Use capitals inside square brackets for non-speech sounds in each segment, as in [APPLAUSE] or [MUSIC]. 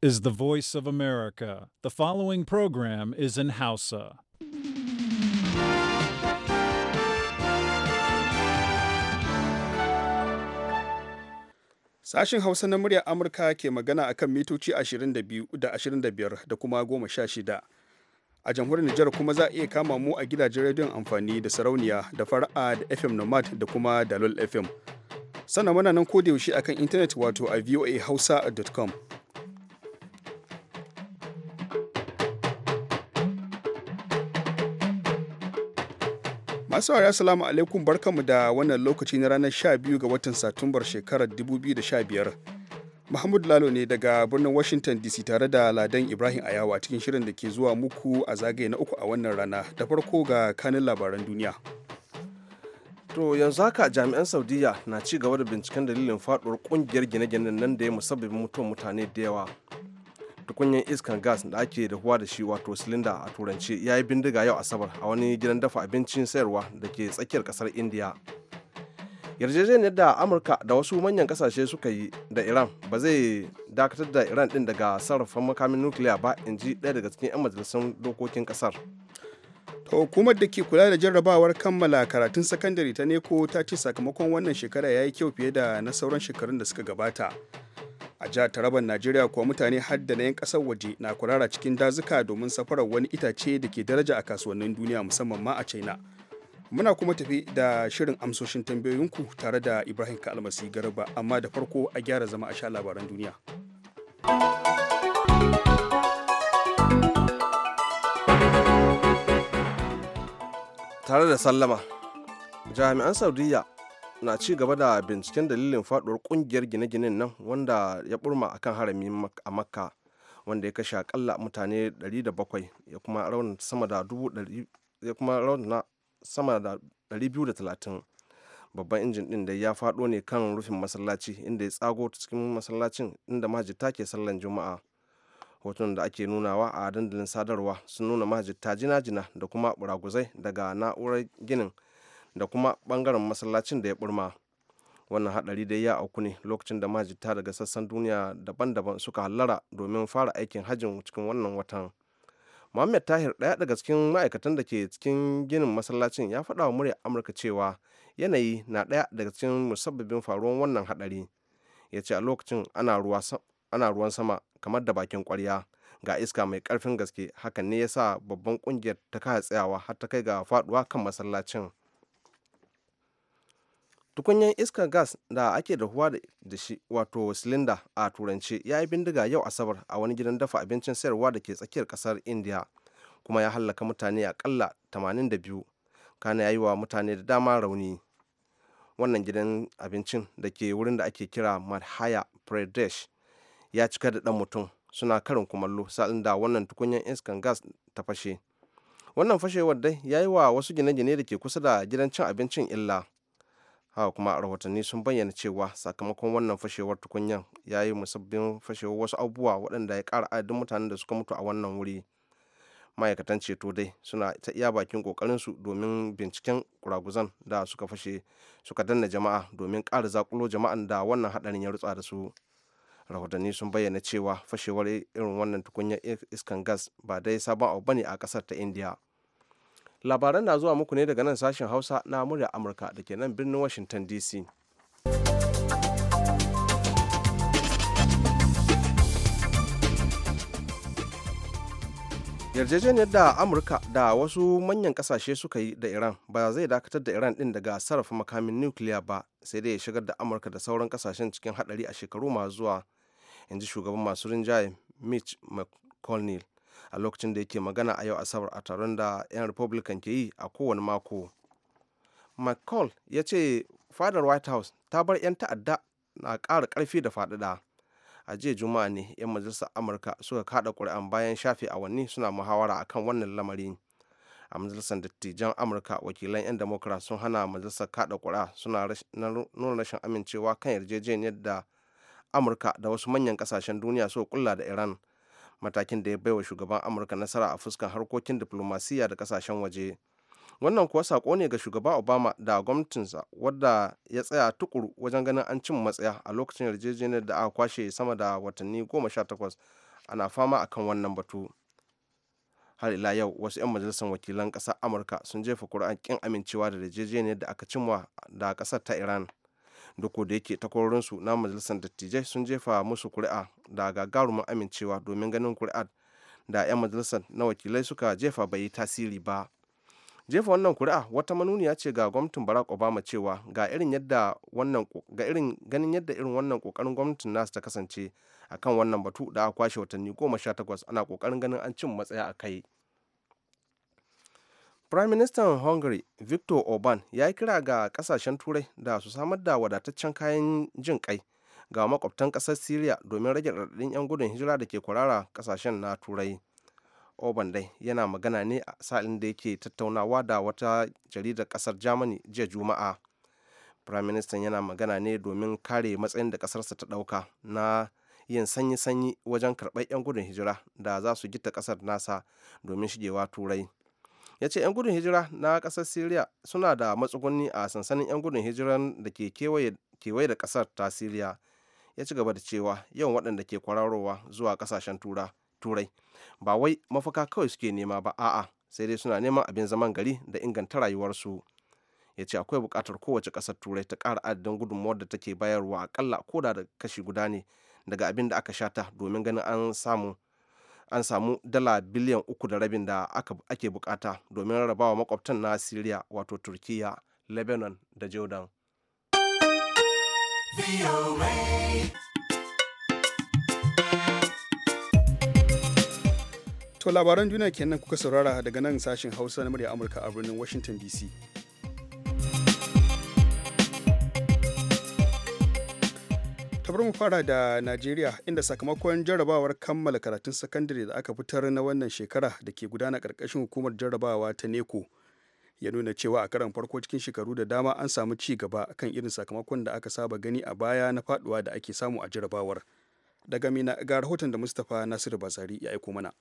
is the voice of America. The following program is in Hausa. Sashen Hausa na murya Amurka ke magana akan mitoci 22 da 25 da kuma 16. A jamhuriyar Nijar kuma za a iya kama mu a gidajen rediyon amfani da sarauniya da fara'a da FM Nomad da kuma Dalol FM. Sannan muna nan kodayaushe akan intanet wato a voahausa.com. Masu wari asalamu alaikum barkanmu da wannan lokaci na ranar 12 ga watan Satumbar shekarar 2015. Muhammadu Lalo ne daga birnin Washington DC tare da Ladan Ibrahim Ayawa cikin shirin da ke zuwa muku a zagaye na uku a wannan rana da farko ga kanin labaran duniya. To yanzu haka jami'an Saudiya na ci gaba da binciken dalilin faduwar kungiyar gine gine nan da ya musabbabin mutuwar mutane da yawa tukunyan iskan gas da ake dahuwa da shi wato silinda a turance ya yi bindiga yau asabar a wani gidan dafa abincin sayarwa da ke tsakiyar kasar india yarjejeniyar da amurka da wasu manyan kasashe suka yi da iran ba zai dakatar da iran din daga sarrafa makamin nukiliya ba in ji ɗaya daga cikin 'yan majalisun dokokin kasar ta hukumar da ke kula da jarrabawar kammala karatun sakandare ta neko ta ce sakamakon wannan shekara ya yi kyau fiye da na sauran shekarun da suka gabata a jihar taraban najeriya kuwa mutane har na 'yan kasar waje na kurara cikin dazuka domin safarar wani itace da ke daraja a kasuwannin duniya musamman ma a china muna kuma tafi da shirin amsoshin tambayoyinku tare da ibrahim kalmasi garba amma da farko a gyara zama a sha labaran duniya tare da sallama jami'an saudiyya. na ci gaba da binciken dalilin faduwar kungiyar gine-ginen nan wanda ya burma akan harami a makka wanda ya kashe akalla mutane 700 ya kuma raunin sama da 230 babban injin din da ya faɗo ne kan rufin masallaci inda ya tsago cikin masallacin inda majita ke sallan juma'a hoton da ake nunawa a dandalin sadarwa sun nuna majita jina-jina da kuma buraguzai daga na'urar ginin da kuma bangaren masallacin da ya burma wannan hadari dai ya auku ne lokacin da majita daga sassan duniya daban-daban suka hallara domin fara aikin hajjin cikin wannan watan Muhammad Tahir ɗaya daga cikin ma'aikatan da ke cikin ginin masallacin ya faɗa wa muryar Amurka cewa yanayi na ɗaya daga cikin musabbabin faruwar wannan hadari Ya ce a lokacin ana ruwan sama kamar da bakin kwarya ga iska mai ƙarfin gaske hakan ne ya sa babban ƙungiyar ta kaya tsayawa har ta kai ga faɗuwa kan masallacin. tukunyar iskar gas da ake dahuwa da shi wato silinda a turanci ya yi bindiga yau asabar a wani gidan dafa abincin sayarwa da ke tsakiyar kasar india kuma ya hallaka mutane akalla 82 kana ya yi wa mutane da dama rauni wannan gidan abincin da ke wurin da ake kira madhya pradesh ya cika da dan mutum suna karin kumallo sa'in da wannan tukunyar iskan gas ta fashe wannan fashewar dai ya yi wa wasu gine-gine da ke kusa da gidan cin abincin illa haka kuma a rahotanni sun bayyana cewa sakamakon wannan fashewar tukunyan ya yi musabbin fashewar wasu abubuwa waɗanda ya ƙara adadin mutanen da suka mutu a wannan wuri ma'aikatan ceto dai suna ta iya bakin ƙoƙarinsu domin binciken kuraguzan da suka fashe suka danna jama'a domin ƙara zakulo jama'an da wannan haɗarin ya rutsa da su rahotanni sun bayyana cewa fashewar irin wannan tukunyar iskan gas ba dai sabon abu bane a kasar ta indiya labaran na zuwa muku ne daga nan sashen hausa na murya amurka da ke nan birnin washington dc yarjejeniyar da amurka da wasu manyan kasashe suka yi da iran ba zai dakatar da iran din daga sarrafa makamin nukiliya ba sai dai ya shigar da amurka da sauran kasashen cikin hadari a shekaru masu zuwa in ji shugaban masu rinjaye mitch mcconnell a lokacin da yake magana a yau asabar a taron da 'yan republican ke yi a kowane mako mccall ya ce fadar white house ta bar 'yan ta'adda na ƙara ƙarfi da faɗaɗa a jiya juma'a ne 'yan majalisar amurka suka kaɗa ƙuri'an bayan shafe awanni suna muhawara akan wannan lamari a majalisar dattijan amurka wakilan 'yan democrat sun hana majalisar kaɗa ƙuri'a suna nuna rashin amincewa kan yarjejeniyar da amurka da wasu manyan ƙasashen duniya suka kulla da iran matakin da ya baiwa shugaban amurka nasara a fuskan harkokin diflomasiyya da kasashen waje wannan kuwa sako ne ga shugaba obama da gwamnatinsa wadda ya tsaya tukuru wajen ganin an cin matsaya a lokacin yarjejeniyar da aka kwashe sama da watanni goma sha takwas ana fama akan wannan batu har ila yau wasu 'yan majalisar wakilan ƙasar amurka sun jefa ƙuri'an ƙin amincewa da yarjejeniyar da aka cimwa da ƙasar ta iran duk da yake takwarorinsu na majalisar dattijai sun jefa musu kuri'a da gagarumin amincewa domin ganin kuri'ar da 'yan majalisar na wakilai suka jefa bai tasiri ba jefa wannan kuri'a wata manuniya ce ga gwamnatin barack obama cewa ga irin yadda wannan ga irin ganin yadda irin wannan kokarin gwamnatin nasu ta kasance akan wannan batu da aka kwashe watanni goma sha takwas ana kokarin ganin an cin matsaya a kai Prime Minister Hungary Viktor Orban ya yi kira ga kasashen Turai da su samar da wadataccen kayan jin kai ga makwabtan ƙasar Syria domin rage raɗaɗin 'yan gudun hijira da ke kwarara kasashen na Turai. Orban dai yana magana ne a sa'in da yake tattaunawa da wata jaridar ƙasar Germany jiya Juma'a. Prime Minister yana magana ne domin kare matsayin da kasarsa ta ɗauka na yin sanyi-sanyi wajen karɓar 'yan gudun hijira da za su gita kasar nasa domin shigewa Turai. ya ce 'yan gudun hijira na kasar syria suna da matsuguni a sansanin 'yan gudun hijiran da ke kewaye da kasar ta syria ya ci gaba da cewa yawan waɗanda ke kwararowa zuwa ƙasashen turai ba wai mafaka kawai suke nema ba a'a sai dai suna neman abin zaman gari da inganta rayuwarsu ya ce akwai buƙatar kowace ƙasar turai ta ƙara adadin gudunmuwar da take bayarwa akalla ko da kashi guda ne daga abin da aka shata domin ganin an samu an samu dala biliyan uku da rabin da ake bukata domin rarrabawa makwabtan na syria wato turkiya lebanon da jordan To labaran duniya kenan kuka saurara daga nan sashen Hausa na murya Amurka a birnin Washington DC. To bari mu fara da Najeriya inda sakamakon jarrabawar kammala karatun sakandare da aka fitar na wannan shekara da ke gudana karkashin hukumar jarrabawa ta neko ya nuna cewa a karan farko cikin shekaru da dama an samu ci gaba kan irin sakamakon da aka saba gani a baya na faduwa da ake samu a jarrabawar. Daga Mina ga rahoton da Mustapha Nasiru Bazari ya aiko mana.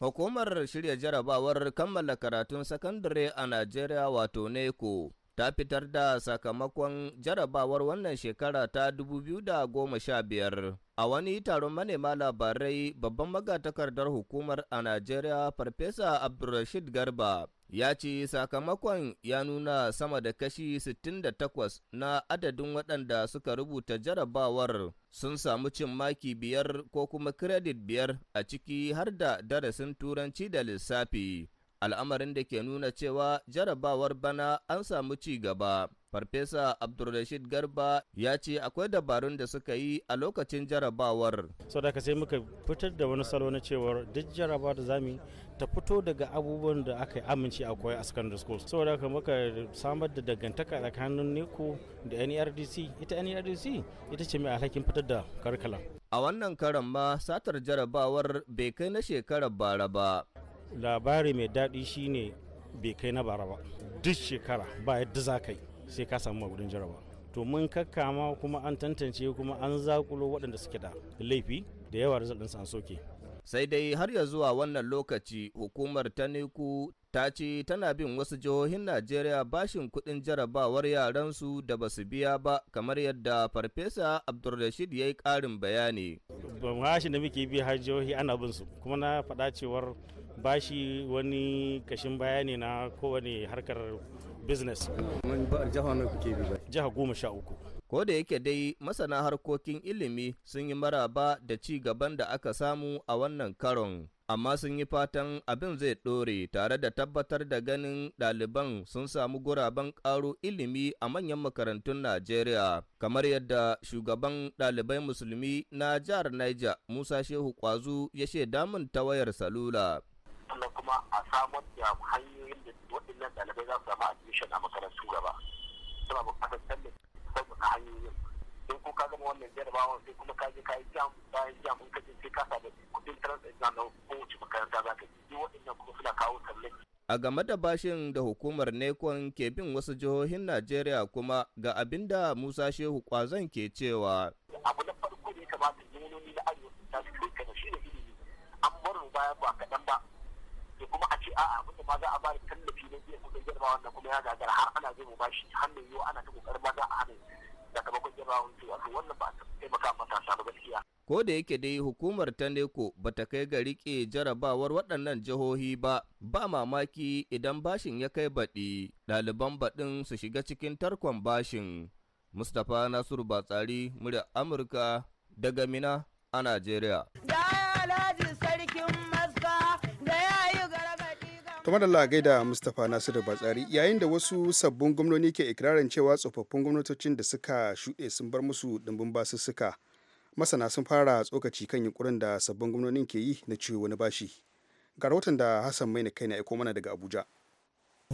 Hukumar shirya jarrabawar kammala karatun sakandare a Najeriya wato NECO ta fitar da sakamakon jarabawar wannan shekara ta 2015 a wani taron manema labarai babban magatakardar hukumar a Najeriya Farfesa Abdulrashid Garba ya ce sakamakon ya nuna sama da kashi 68 na adadin waɗanda suka rubuta jarabawar sun samu cin maki biyar ko kuma kiredit biyar a ciki har da darasin turanci da lissafi. al'amarin da ke nuna cewa jarabawar bana an samu ci gaba. Farfesa Abdulrashid Garba ya ce akwai dabarun da suka yi a lokacin jarabawar. Sau da sai muka fitar da wani salo na cewar duk jaraba da zamu ta fito daga abubuwan da aka yi amince a koya a secondary school. Sau da muka samar da dangantaka tsakanin NECO da NERDC. Ita NERDC ita ce mai alhakin fitar da karkala. A wannan karan ma satar jarabawar bai kai na shekarar bara ba. labari mai daɗi shine bai kai na bara ba duk shekara ba yadda za ka yi sai ka samu magudin jaraba to mun kakkama kuma an tantance kuma an zakulo waɗanda suke da laifi da yawa rizal an soke sai dai har ya zuwa wannan lokaci hukumar ta niku ta ce tana bin wasu jihohin najeriya bashin kuɗin jarabawar yaransu da ba su biya ba kamar yadda farfesa abdulrashid ya yi ƙarin bayani bashin da muke bi har jihohi ana bin su kuma na faɗa cewar bashi wani kashin bayani na kowane harkar business. Ko da yake dai masana harkokin ilimi sun yi maraba da ci gaban da aka samu a wannan karon. Amma sun yi fatan abin zai ɗore tare da tabbatar da ganin ɗaliban sun samu guraben ƙaro ilimi a manyan makarantun Najeriya, kamar yadda shugaban ɗalibai musulmi na jihar Niger Musa Shehu Kwazu ya shaida min ta wayar salula. sannan kuma a samar da hanyoyin da waɗannan ɗalibai za su samu admission a makarantun gaba suna buƙatar tallafi ka hanyoyin in ko ka gama wannan jarabawan sai kuma ka je ka yi jam bayan jam in ka je sai ka samu kuɗin trans exam na kowace makaranta za ka ji waɗannan kuma suna kawo tallafi a game da bashin da hukumar nekon ke bin wasu jihohin najeriya kuma ga abin da musa shehu kwazon ke cewa abu na farko da ya kamata jihohi na arewa ta su kai shi ne ilimi an bar mu baya ba kaɗan ba to kuma a ce a'a abin ma za a bari tallafi na zai kuma girma wannan kuma ya gagara har ana zai mu bashi hannun yiwu ana ta kokar ma za a hana sakamakon jarabawa wato wannan ba a taimaka matasa ba gaskiya. ko da yake dai hukumar ta neko ba ta kai ga rike jarabawar waɗannan jihohi ba ba mamaki idan bashin ya kai baɗi ɗaliban baɗin su shiga cikin tarkon bashin mustapha nasiru batsari murya amurka daga mina a najeriya to madalla da mustapha nasiru batsari yayin da wasu sabbin gwamnoni ke ikirarin cewa tsofaffin gwamnatocin da suka shuɗe sun bar musu ɗimbin basussuka masana sun fara tsokaci kan yunkurin da sabbin gwamnonin ke yi na ciwo wani bashi ga rahoton da hassan mai kai na aiko mana daga abuja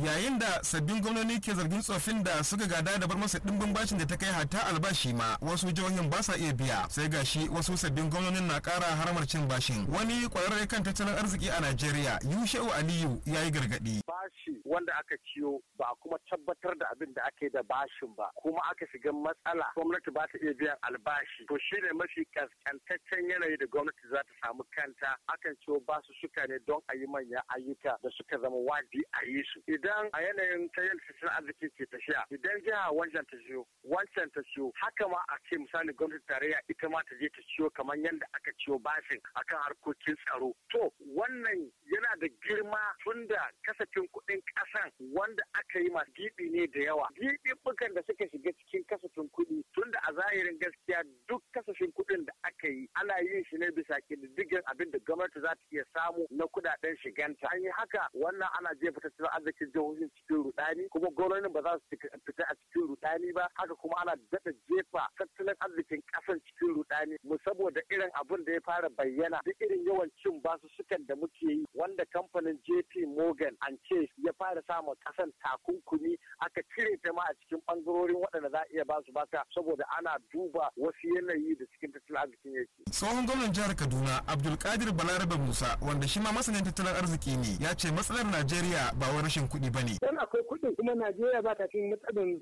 yayin da sabbin gwamnoni ke zargin tsoffin da suka gada da bar masa dimbin bashin da ta kai hatta albashi ma wasu jihohin ba sa iya biya sai gashi wasu sabbin gwamnonin na kara haramar cin bashin wani kwararre kan tattalin arziki a Najeriya Yushau Aliyu ya yi gargadi bashi wanda aka ciyo ba kuma tabbatar da abin da ake da bashin ba kuma aka shiga matsala gwamnati ba ta iya biyan albashi to shi ne mafi kaskantaccen yanayi da gwamnati za ta samu kanta akan ciwo basu suka ne don a yi manyan ayyuka da suka zama wajibi a yi su idan idan a yanayin ta yin tattalin arziki ke tafiya idan jiha wancan ta siyo, wancan ta ciyo haka ma a ce misali gwamnatin tarayya ita ma ta je ta ciyo kamar yadda aka ciyo bashin akan harkokin tsaro to wannan yana da girma tunda kasafin kuɗin ƙasan wanda aka yi masu gibi ne da yawa. Giɓiɓɓukan da suka shiga cikin kasafin kuɗi tunda a zahirin gaskiya duk kasafin kuɗin da aka yi ana yin shi ne bisa ƙididdigan abin da gwamnati za ta iya samu na kuɗaɗen shiganta. An yi haka wannan ana jefa tattalin arzikin jihohin cikin rudani kuma gwamnonin ba za su fita a cikin rudani ba haka kuma ana daɗa jefa tattalin arzikin ƙasan cikin rudani mu saboda irin abin da ya fara bayyana duk irin yawan cin basu sukan da muke yi wanda kamfanin JP Morgan and Chase ya fara samun kasan takunkumi aka cire ta ma a cikin bangarorin waɗanda za a iya basu baka saboda ana duba wasu yanayi da cikin tattalin arzikin yake. Tsohon gwamnan jihar Kaduna Abdulkadir Balarabe Musa wanda shi ma masanin tattalin arziki ne ya ce matsalar Najeriya ba wai rashin kuɗi ba ne. Dan akwai kuma Najeriya ba ta cin matsalan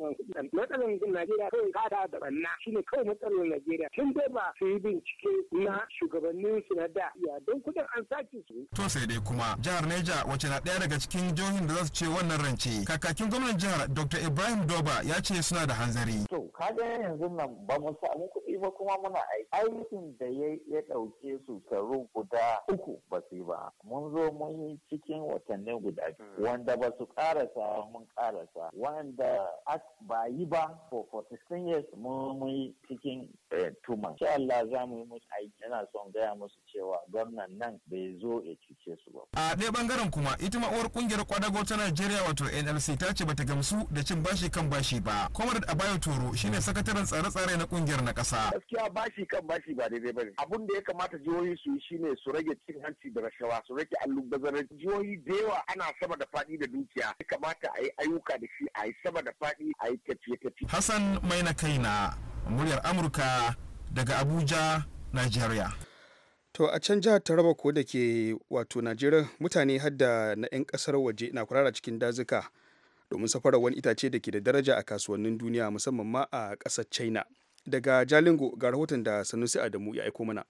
matsalan Najeriya kawai kada da banna shine kawai matsalan Najeriya tun dai ba su yi bincike na shugabannin su na da ya don kudin an sake su to sai dai kuma jihar Neja wacce na ɗaya daga cikin jihohin da za su ce wannan rance kakakin gwamnan jihar Dr Ibrahim Doba ya ce suna da hanzari to ka kaga yanzu nan ba mu samu kuɗi ba kuma muna aiki aikin da ya ɗauke su karu guda uku ba su ba mun zo mun yi cikin watanni guda hmm. wanda ba su karasa mun karasa wanda ba yi ba for 46 years mun yi cikin eh, tuma sha Allah za mu yi musu aiki yana son gaya musu cewa gwamnan nan bai zo ya cuce su ba a ɗaya bangaren kuma ita ma uwar ƙungiyar kwadago ta Najeriya wato NLC ta ce bata gamsu da cin bashi kan bashi ba Comrade Abayo Toro shine sakataren tsare-tsare na ƙungiyar na ƙasa gaskiya bashi kan bashi ba daidai bane abun da ya kamata jihohi su yi shine su rage cin hanci da rashawa su rage allubazar jihohi da yawa ana sama da faɗi da dukiya ya kamata a yi ayyuka da shi a yi sama da faɗi a yi tafiye-tafiye. Hassan Maina na muryar Amurka daga Abuja, Nigeria. To a can jihar Taraba ko da ke wato Najeriya mutane hadda na 'yan kasar waje na kurara cikin dazuka domin safarar wani itace da ke da daraja a kasuwannin duniya musamman ma a ƙasar China. daga jalingo ga rahoton da sanusi adamu ya aiko mana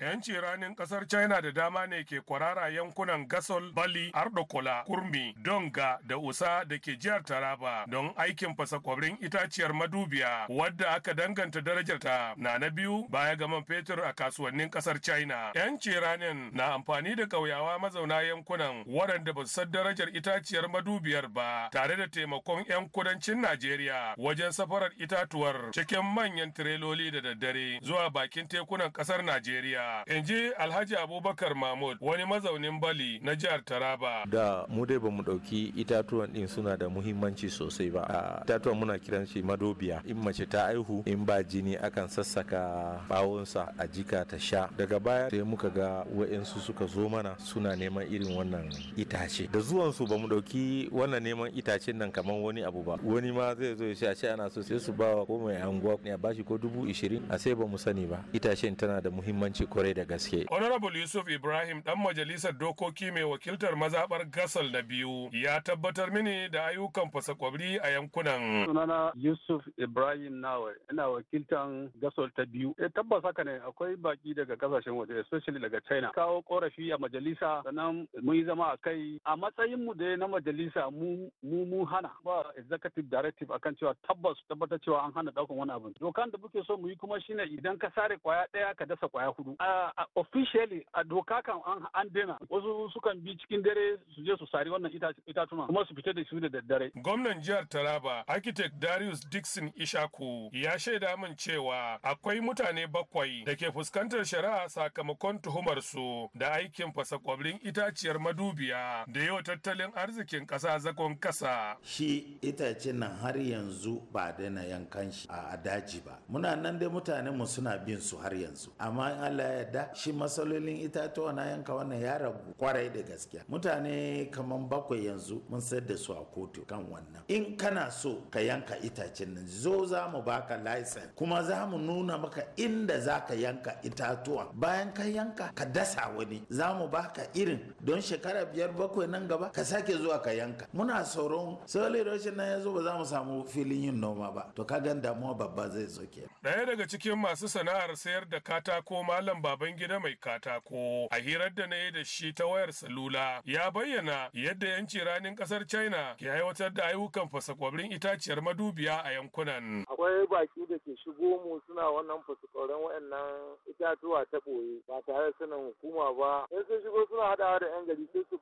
'Yanci ranin kasar China da dama ne ke kwarara yankunan Gasol, Bali, Ardokola, Kurmi, Donga da Usa da ke jihar Taraba don aikin fasa kwabrin itaciyar madubiya wadda aka danganta darajarta na na biyu baya ga man fetur a kasuwannin kasar China. 'Yanci ranin na amfani da ƙauyawa mazauna yankunan waɗanda ba su san darajar itaciyar madubiyar ba tare da taimakon 'yan kudancin Najeriya wajen safarar itatuwar cikin manyan tireloli da daddare zuwa bakin tekunan kasar Najeriya. In ji Alhaji Abubakar Mahmud wani mazaunin Bali na jihar Taraba. Da mu dai bamu ɗauki itatuwan din suna da muhimmanci sosai ba. itatuwan muna kiran shi madobiya. In mace ta aihu in ba jini akan sassaka bawonsa a jika ta sha. Daga baya sai muka ga wa'yansu suka zo mana suna neman irin wannan itace. Da zuwansu bamu ɗauki wannan neman itacen nan kamar wani abu ba. Wani ma zai zo ya ce a ce ana so sai su bawa ko mai anguwa ne a bashi ko dubu ishirin a sai bamu sani ba. Itacen tana da muhimmanci ko kwarai da gaske. Honorable Yusuf Ibrahim dan majalisar dokoki mai wakiltar mazabar Gasal na biyu ya tabbatar mini da ayyukan fasa kwabri a yankunan. Sunana Yusuf Ibrahim Nawa ina wakiltan Gasol ta biyu. E tabbas haka ne akwai baki daga kasashen waje especially daga China. Kawo korafi a majalisa sannan mun yi zama a kai a matsayin mu da na majalisa mu mu hana ba executive directive akan cewa tabbas tabbatar cewa an hana daukan wani abu. Dokan da muke so mu yi kuma shine idan ka sare kwaya daya ka dasa kwaya hudu. A officially a doka kan an dena wasu sukan bi cikin dare su je su sari wannan itatuna kuma su fita da su da daddare. Gwamnan jihar Taraba architect Darius Dixon Ishaku ya shaida min cewa akwai mutane bakwai da ke fuskantar shari'a sakamakon tuhumar su da aikin fasa kwabrin itaciyar madubiya da yau tattalin arzikin kasa zagon kasa. Shi itace nan har yanzu ba daina yankan shi a daji ba. Muna nan dai mutanen mu suna bin su har yanzu. Amma Allah yarda shi masalolin itatuwa na yanka wannan ya ragu kwarai da gaskiya mutane kaman bakwai yanzu mun sayar da su a kotu kan wannan in kana so ka yanka itacen nan zo za mu baka license kuma za mu nuna maka inda za ka yanka itatuwa bayan ka yanka ka dasa wani za mu baka irin don shekara biyar bakwai nan gaba ka sake zuwa ka yanka muna sauran saboda roshin nan ya zo ba za mu samu filin yin noma ba to ka gan damuwa babba zai zo ke. Daya daga cikin masu sana'ar sayar da katako malam babban gida mai katako a hirar da na yi da shi ta wayar salula ya bayyana yadda yanci ranin kasar China ke aiwatar da ayyukan fasa kwabrin itaciyar madubiya a yankunan. akwai baki da ke shigo mu suna wannan fasukoran wayannan itatuwa ta ɓoye ba tare da sanin hukuma ba in sun shigo suna haɗawa da yan gari sai su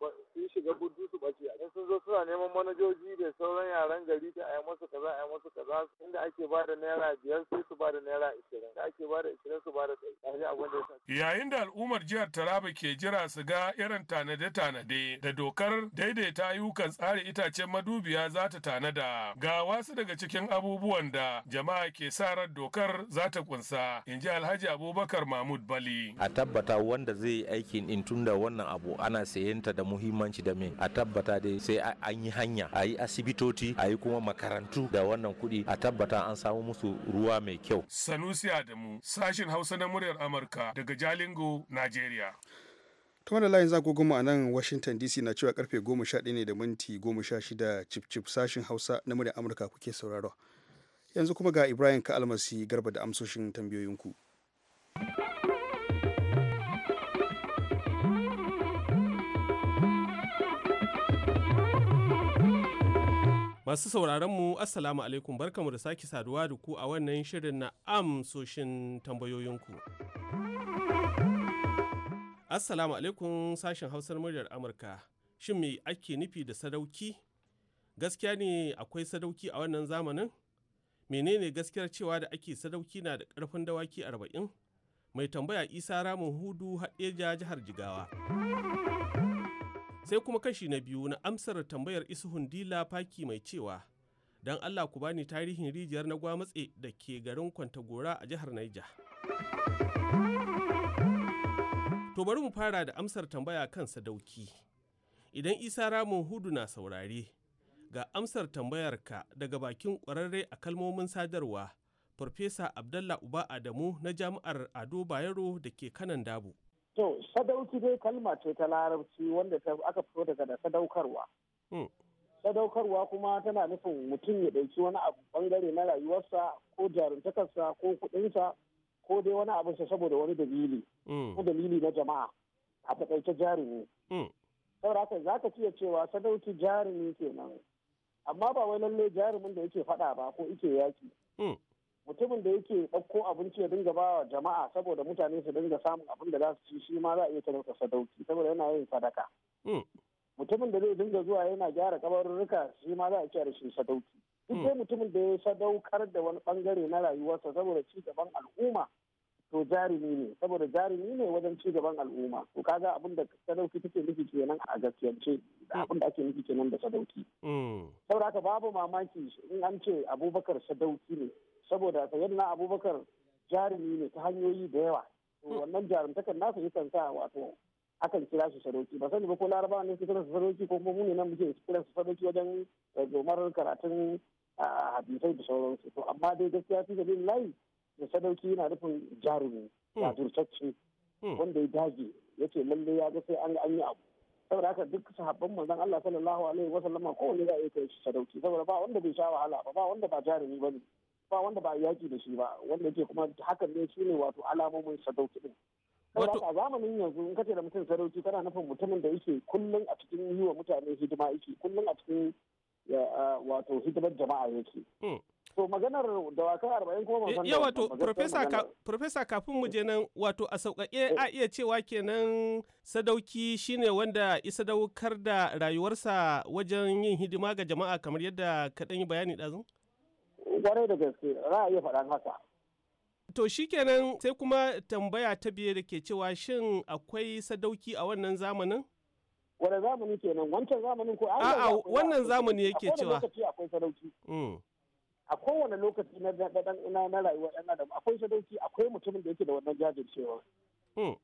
shiga buddu su ɓace in sun zo suna neman manajoji da sauran yaran gari ta ayi masu kaza ayi masu kaza inda ake ba da naira biyar sai su ba da naira ishirin da ake ba da ishirin su ba da ɗari abin da yayin da al'ummar jihar Taraba ke jira su ga irin tanade-tanade da dokar daidaita ayyukan tsare itacen madubiya za ta tanada ga wasu daga cikin abubuwan da jama'a ke sa ran dokar za ta kunsa in ji alhaji abubakar mahmud bali a tabbata wanda zai yi aikin in tunda wannan abu ana sayanta da muhimmanci da min a tabbata dai sai an yi hanya a yi asibitoci a yi kuma makarantu da wannan kuɗi a tabbata an samu musu ruwa mai kyau sanusi adamu sashin hausa na muryar amurka daga jalingo nigeria ta wani layin zagogonmu a nan washington dc na cewa karfe 11 ne da minti 16 cif cif sashin hausa na muryar amurka kuke sauraro yanzu kuma ga ibrahim ka almasi garba da amsoshin tambayoyinku Masu sauraron mu Assalamu alaikum barkamu da sake saduwa da ku a wannan shirin na amsoshin tambayoyinku. Assalamu alaikum sashen hausar muryar Amurka. Shin me ake nufi da sadauki? Gaskiya ne akwai sadauki a wannan zamanin? menene gaskiyar cewa da ake sadauki na da karfin dawaki arba'in mai tambaya isa ramin hudu haɗeja jihar jigawa sai kuma kashi na biyu na amsar tambayar isu hundi faki mai cewa don allah ku bani tarihin rijiyar na gwamatse da ke garin kwantagora a jihar naija to bari mu fara da amsar tambaya kan sadauki idan isa ramin hudu na saurare Ga amsar tambayarka daga bakin ƙwararre a kalmomin sadarwa, Farfesa Abdallah Uba Adamu na Jami'ar Ado Bayero da ke kanan Dabo. To, sadauki dai kalma ce ta larabci wanda aka fito daga da sadaukarwa. Hmm. Sadaukarwa kuma tana nufin mutum ya ɗauki wani abu bangare na rayuwarsa ko jarumtakarsa ko kuɗinsa ko dai wani sa saboda wani dalili hmm. ko dalili na jama'a a taƙaice jarumi. Hmm. Saboda haka za ka iya cewa sadauki jarumi kenan amma ba wai lalle jarumin da yake faɗa ba ko yake yaki hmm. mutumin da yake ɗauko abinci ya dinga ba wa jama'a saboda mutane su dinga samun abin da za su ci shi ma za a iya sadauki saboda yana yin sadaka hmm. mutumin da zai dinga zuwa yana gyara kabarurruka shi ma za a iya shi sadauki duk hmm. mutumin da ya sadaukar da wani bangare na rayuwarsa saboda ci gaban al'umma to jarumi ne saboda jarumi ne wajen ci gaban al'umma to kaga abin da sadauki take nufi kenan a gaskiyance abin da ake nufi kenan da sadauki mm. saboda haka babu mamaki in an ce abubakar sadauki ne saboda yadda abubakar jarumi ne ta hanyoyi da yawa to mm. wannan jarumtakar nasu yakan sa wato akan kira su sadauki ba sani ba ko laraba ne su kira su sadauki ko kuma mu ne nan muke kira su sadauki wajen eh, domar karatun ah, hadisai da sauransu to amma dai gaskiya fi da layi da sadauki yana nufin jarumi hmm. jajirtacce hmm. wanda ya dage ya ce lalle ya ga sai an ga an yi abu saboda haka duk sahabban manzon Allah sallallahu alaihi wa sallama ko za a iya kai shi sadauki saboda ba wanda bai sha wahala ba ba wanda ba jarumi ba ne ba wanda ba yaki da shi ba wanda yake kuma hakan ne shine wato alamomin sadauki din wato a zamanin yanzu in kace da mutum sadauki tana nufin mutumin da yake kullum a cikin yi wa mutane hidima yake kullum a cikin wato hidimar jama'a yake hmm. to maganar dawakai arba'in kuma ban san wato profesa kafin mu je nan wato a sauƙaƙe eh. a iya cewa kenan sadauki shine wanda isa daukar da rayuwarsa wajen yin hidima ga jama'a kamar yadda ka yi bayani ɗazun? kwarai da gaske za a iya faɗan haka to kenan sai kuma tambaya ta biye da ke cewa shin akwai sadauki a wannan zamanin Wane zamani kenan wancan zamanin ko a'a wannan zamani yake cewa akwai sadauki mm. a kowane lokaci na na rayuwa ɗan adam akwai sadauki akwai mutumin da yake da wannan jajircewa. Hmm.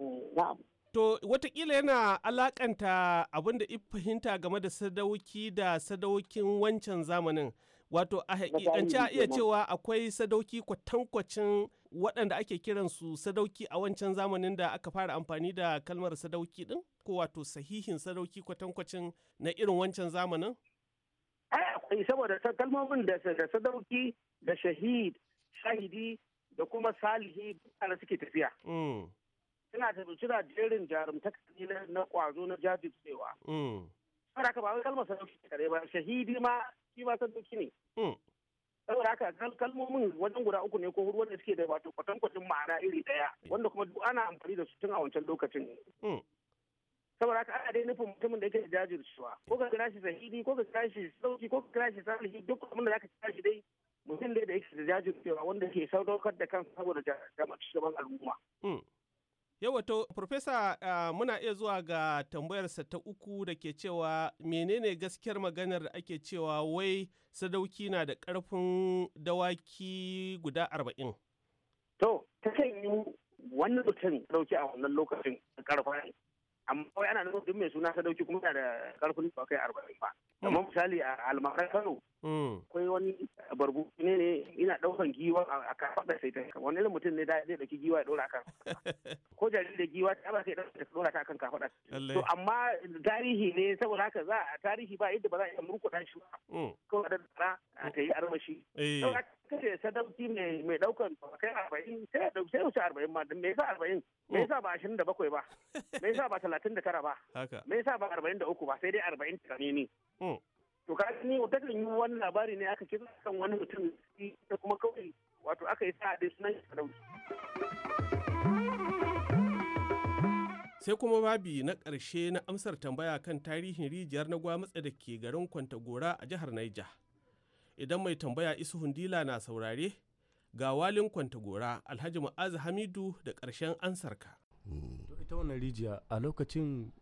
Eh, to watakila yana alakanta abin da fahimta game da sadauki da sadaukin wancan zamanin. Wato a haƙiƙance a iya cewa akwai sadauki kwatankwacin waɗanda ake kiransu sadauki a wancan zamanin da aka fara amfani da kalmar sadauki ɗin? Ko wato sahihin sadauki kwatankwacin na irin wancan zamanin? ai akwai saboda kalmomin da sadauki da shahid shahidi da kuma salihi ana suke tafiya mm. suna tafi da jerin jarumtaka na kwazo na jajircewa mm. saboda haka ba wai kalmar sadauki kare ba shahidi ma shi ma sadauki ne mm. saboda haka kalmomin wajen guda uku ne ko hudu wanda suke da wato kwatankwacin ma'ana iri daya wanda kuma duk ana amfani da su tun a wancan lokacin saboda haka ana dai nufin mutumin da yake da jajircewa ko ka kira shi zahidi ko ka kira shi sauki ko ka kira shi salihi duk abin da zaka kira shi dai mutum dai da yake da jajircewa wanda ke saukar da kansa saboda gaban al'umma. Hmm. Yau to, Profesa ah, muna iya zuwa ga tambayarsa ta uku da ke cewa menene gaskiyar maganar da ake cewa wai sadauki na da ƙarfin dawaki guda arba'in. To, ta kan yi wani mutum sadauki a wannan lokacin da amma wai ana nufin duk mai suna sadauki kuma da karfin ba kai arba'in ba. Kamar misali a almarar Kano Mm. akwai wani eh, barbu ne ne ina daukan giwa a kafaɗa sai ta wani ne mutum ne da zai dauki giwa ya dora kan [LAUGHS] ko jariri da giwa ta ba sai da dora ta akan kafaɗa to amma tarihi ne saboda haka za a tarihi ba yadda ba za a iya murkuɗa shi ba ko da tsara a kai yi armashi eh. kace sadauki mai mai daukan kai arba'in sai da sai wuce arba'in ma me yasa arba'in me mm. yasa ba ashirin da bakwai ba [LAUGHS] me yasa ba talatin da tara ba me yasa ba arba'in da uku ba sai dai arba'in da ni. Mm. to ka ni kan yi wani labari ne aka kira kan wani mutum da kuma kawai wato aka yi sa'a da sunan sarauta. sai kuma babi na ƙarshe na amsar tambaya kan tarihin rijiyar na gwamutse da ke garin kwantagora a jihar naija idan mai tambaya isu hundila na saurare ga walin kwantagora alhaji ma'azu hamidu da ƙarshen ansarka ita wannan rijiya a lokacin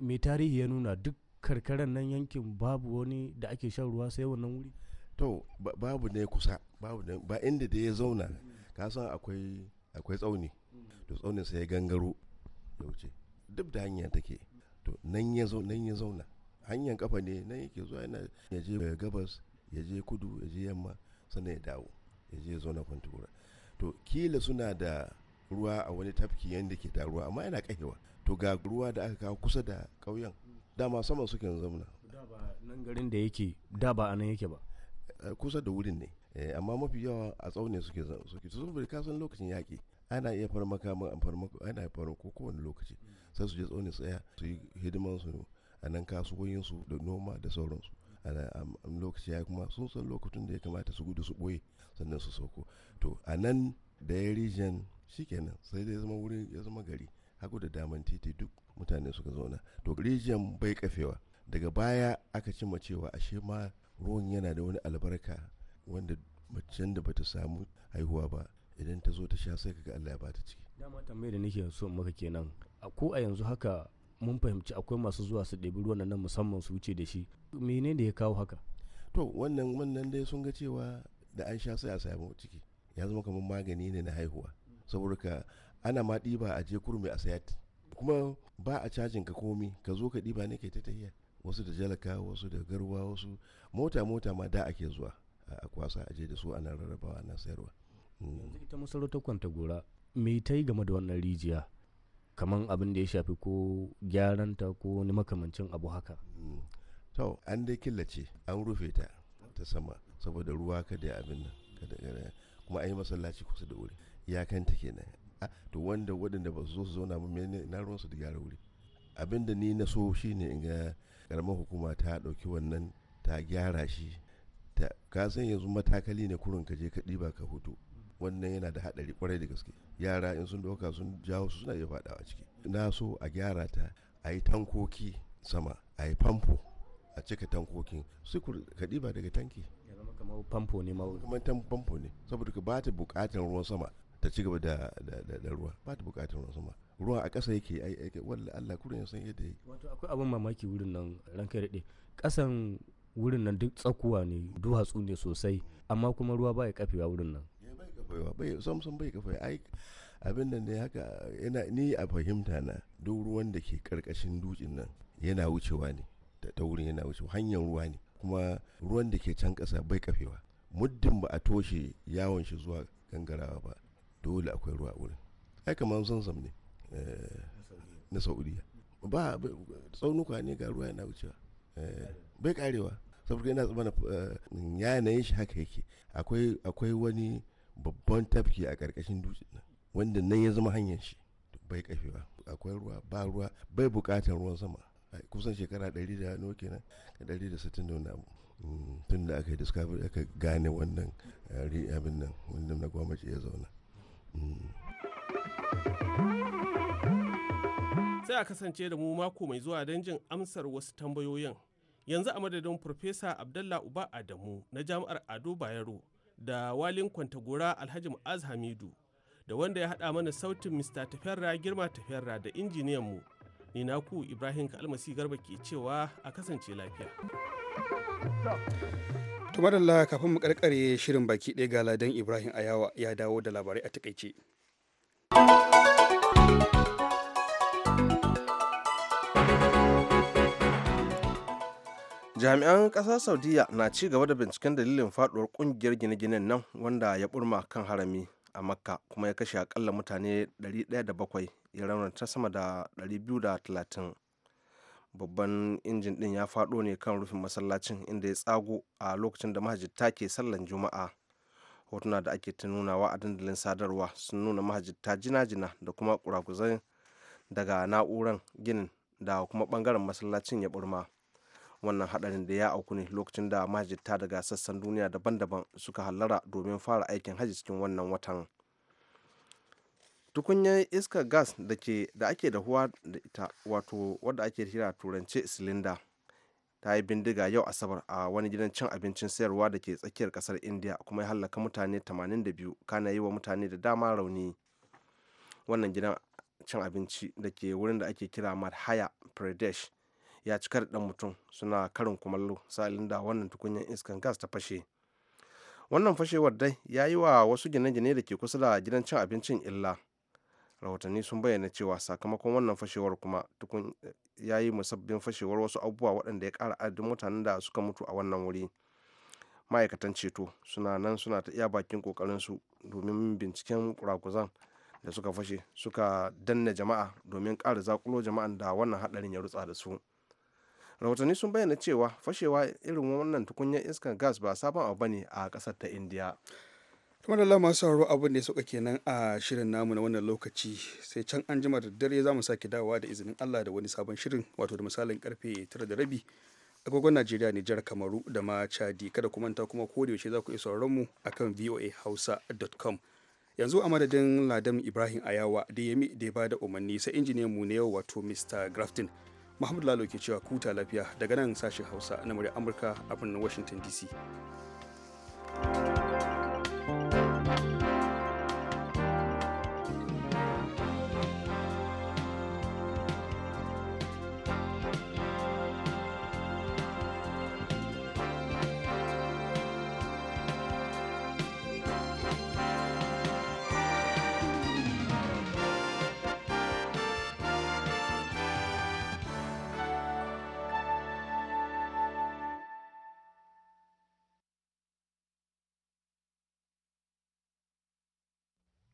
mai tarihi ya nuna duk karkaran nan yankin babu wani da ake shan ruwa sai wannan wuri to babu ne kusa babu ne ba inda da ya zauna ka san akwai akwai tsauni to tsaunin sai ya gangaro ya wuce duk da hanya take to nan ya zo nan ya zauna hanyar kafa ne nan yake zuwa yana ya je gabas ya je kudu ya je yamma sannan ya dawo ya je zauna kwantura to kila suna da ruwa a wani tafki yadda ke taruwa amma yana kahewa to ga ruwa da aka kawo kusa da ƙauyen dama saman suke zamna da ba nan garin da yake da ba anan yake ba eh, kusa da wurin ne eh, amma mafi yawa a tsaune suke suke su bai kasan lokacin yaƙi ana iya farmaka farmaka ana iya farmako kowane lokaci sai su je tsaune tsaya su yi hidiman su a nan kasuwoyin su da noma da sauransu a lokaci ya kuma sun san lokacin da ya kamata su gudu su boye sannan su sauko to a nan da ya region shikenan sai dai zama wurin ya zama gari hagu da daman titi duk mutane suka zauna to rijiyan bai kafewa daga baya aka cimma cewa ashe ma ruwan yana da wani albarka wanda macen da bata samu haihuwa ba idan ta zo ta sha sai kaga Allah ya bata ciki dama tambayar da nake so maka kenan a ko a yanzu haka mun fahimci akwai masu zuwa su ɗebi ruwan nan musamman su wuce da shi menene da ya kawo haka to wannan wannan dai sun ga cewa da an sha sai a samu ciki ya zama kamar magani ne na haihuwa saboda ana ma ɗiba a je kurmi a sayat kuma ba a cajin ka komi ka zo ka ɗiba ne kai ta tahiya wasu da jalaka wasu da garwa wasu mota mota ma da ake zuwa a kwasa aje da su ana rarrabawa ana sayarwa mm. yanzu ita masarautar kwanta gora me ta yi game da wannan rijiya kaman abin da ya shafi ko gyaran ta ko ni makamancin abu haka mm. to an dai killace an rufe ta ta sama saboda ruwa kada abin nan kuma an yi masallaci kusa da wuri ya kanta kenan Ah, to wanda waɗanda ba su zo su zauna ba mene na ruwan su da gyara wuri abin da ni na so shine in ga karamar hukuma ta ɗauki wannan ta gyara shi ka san yanzu matakali ne kurin ka je ka ɗiba ka hoto wannan yana da haɗari kwarai da gaske yara in sun ɗauka sun jawo su suna iya faɗawa ciki na so a gyara ta a yi tankoki sama a yi famfo a cika tankokin sai ka kaɗiba daga tanki kamar famfo ne ma kamar famfo ne saboda ka ba ta buƙatar ruwan sama ta ci gaba da ruwa ba ta bukatar ruwan sama ruwa a ƙasa yake ai wallah Allah kurin san yadda yake wato akwai abin mamaki wurin nan ranka daɗe ƙasan wurin nan duk tsakuwa ne duwatsu ne sosai amma kuma ruwa baya kafewa wurin nan bai kafewa bai sam sam bai kafewa ai abin nan ne haka yana ni a fahimta na duk ruwan da ke karkashin dutsen nan yana wucewa ne da ta wurin yana wucewa hanyar ruwa ne kuma ruwan da ke can ƙasa bai kafewa muddin ba a toshe yawon shi zuwa gangarawa ba dole akwai ruwa wurin ai kamar zamzam ne eh, na saudiya ba tsaunuka ne ga ruwa yana wucewa eh, bai karewa saboda yana tsamana eh, yanayin shi haka yake akwai wani babban tafki a karkashin dutsen nan wanda nan ya zama hanyar shi bai kafe ba akwai ruwa ba ruwa bai bukatar ruwan sama kusan shekara 100 da nawa kenan 160 da wani abu mm, tun da aka yi discovery aka gane wannan abin nan wanda na gwamnati ya zauna sai a kasance da mu mako mai zuwa don jin amsar wasu tambayoyin yanzu a madadin farfesa abdallah uba adamu na jami'ar ado bayero da walin kwantagora alhaji mu'az hamidu da wanda ya haɗa mana sautin mr tafiyarra girma tafiyarra da injiniyanmu ni ku ibrahim kalmasi garba ke cewa a kasance lafiya to kafin mu karkare shirin baki ɗaya ga ladan ibrahim ayawa ya dawo da labarai a takaice jami'an ƙasar saudiya na ci gaba da binciken dalilin faduwar ƙungiyar gine-ginen nan wanda ya burma kan harami a makka kuma ya kashe akalla mutane 107 ya raunata sama da 230 babban injin din ya faɗo ne kan rufin masallacin inda ya tsago a lokacin da mahajjata ke sallan juma'a hotuna da ake ta nunawa a dandalin sadarwa sun nuna mahajjata jina-jina da kuma kurakuzan daga na'uran ginin da kuma bangaren masallacin ya burma wannan haɗarin da ya auku ne lokacin da mahajjata daga sassan duniya daban-daban suka hallara domin fara aikin hajji cikin wannan watan tukunyar iskar gas da ake da huwa da ita wato wadda ake hira turance silinda ta yi bindiga yau asabar a wani gidan cin abincin sayarwa da ke tsakiyar kasar india kuma ya hallaka mutane 82 kana yi wa mutane da dama rauni wannan gidan cin abinci da ke wurin da ake kira madhya pradesh ya cikar dan mutum suna karin kumallo sa'ilin da wannan tukunyar iskan gas ta fashe wannan fashewar dai ya yi wa wasu gine-gine da ke kusa da gidan cin abincin illa rahotanni sun bayyana cewa sakamakon wannan fashewar kuma tukun eh, ya yi musabbin fashewar wasu abubuwa waɗanda ya kara adadin mutanen da suka mutu a wannan wuri ma'aikatan ceto suna nan suna ta iya bakin ƙoƙarinsu domin binciken kurakuzan da suka fashe suka danna jama'a domin kara zakulo jama'an da wannan haɗarin ya rutsa da su rahotanni sun bayyana cewa fashewa irin wannan tukunyar iskar gas ba sabon abu ne a ƙasar ta indiya kamar Allah masu sauraro abin da ya sauka kenan a shirin namu na wannan lokaci sai can an jima da dare za mu sake dawowa da izinin Allah da wani sabon shirin wato da misalin karfe tara da rabi agogon Najeriya jar Kamaru da ma Chadi kada ku manta kuma ko da yaushe za ku iya sauraron mu akan voahausa.com yanzu a madadin Ladam Ibrahim Ayawa da mi da ya bada umarni sai injiniyan mu na wato Mr. Grafton Muhammad Lalo ke cewa kuta lafiya daga nan sashen Hausa na murya Amurka a birnin Washington DC. thank you